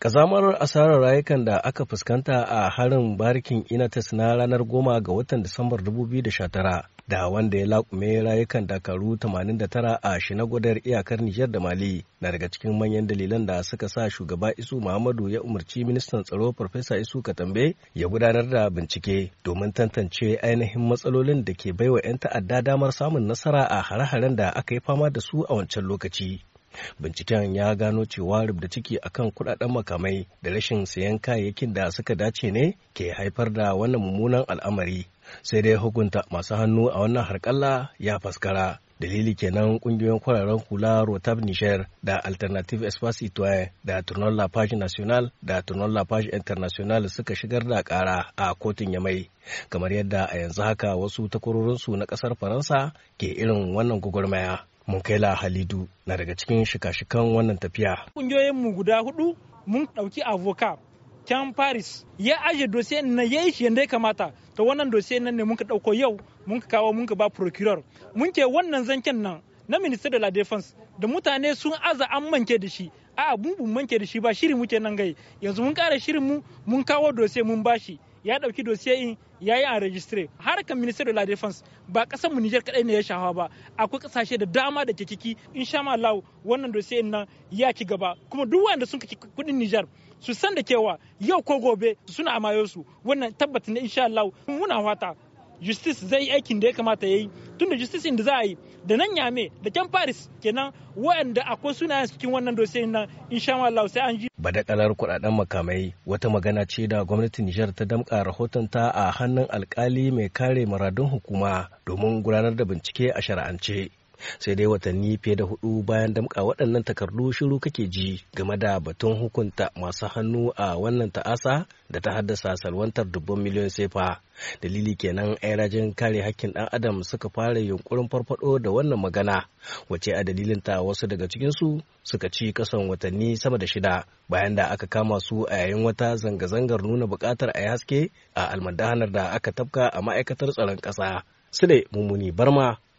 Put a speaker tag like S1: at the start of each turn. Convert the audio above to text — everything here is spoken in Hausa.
S1: Kazamar asarar rayukan da aka fuskanta a harin barikin Inatis na ranar goma ga watan Disambar 2019 da wanda ya laƙume rayukan dakaru 89 a shinagodar iyakar Nijar da Mali na daga cikin manyan dalilan da suka sa shugaba Isu Muhammadu ya umarci ministan tsaro Farfesa Isu Katambe ya gudanar da bincike domin tantance ainihin matsalolin da ke baiwa 'yan ta'adda damar samun nasara a hare-haren da aka yi fama da su a wancan lokaci. binciken ya gano cewa rubda ciki akan kudaden makamai da rashin sayan kayayyakin da suka dace ne ke haifar da wannan mummunan al'amari sai dai hukunta masu hannu a wannan harkalla ya faskara dalili kenan kungiyoyin kwararren hula rotab niger da alternative espace citoyen da tunan la page national da tournon la page international suka shigar da kara a kotun yamai kamar yadda a yanzu haka wasu takwarorinsu na kasar faransa ke irin wannan gwagwarmaya mun Munkaila Halidu na daga cikin shika-shikan wannan tafiya.
S2: Kungiyoyin mu guda hudu mun ɗauki avoka can Paris ya aje dosiye na yayi shi yadda ya kamata to wannan dosiye nan ne muka ɗauko yau muka kawo muka ba procureur mun ke wannan zancen nan na minister de la defense da mutane sun aza an manke da shi a mun manke da shi ba shirin muke nan gai yanzu mun kara shirin mu mun kawo dosiye mun bashi ya dauki dosiye in ya yi a registry harkar minister of la defense ba kasar mu Niger kadai ne ya shafa ba akwai kasashe da dama da ke ciki insha Allah wannan dosiye nan ya ci gaba kuma duk wanda sun kaki kudin Niger su san da kewa yau ko gobe suna amayo su wannan tabbata ne insha Allah muna fata justice zai yi aikin da ya kamata yayi tunda justicin da za a yi da nan yame da can paris kenan waɗanda akwai sunayen cikin wannan dosiyan nan ma Allah sai an ji
S1: badakalar kudaden makamai wata magana ce da gwamnatin Nijar ta damƙa rahotonta a hannun alkali mai kare maradun hukuma domin gudanar da bincike a shara'ance. sai dai watanni fiye da hudu bayan damka waɗannan takardu shiru kake ji game da batun hukunta masu hannu a wannan ta'asa da ta haddasa salwantar dubban miliyon sefa dalili kenan rajin kare hakkin ɗan adam suka fara yunkurin farfado da wannan magana wace a dalilin ta wasu daga cikinsu suka ci kasan watanni sama da shida bayan da aka kama su a yayin wata zanga-zangar nuna buƙatar a haske a almadahanar da aka tafka a ma'aikatar tsaron ƙasa. Sule Mummuni Barma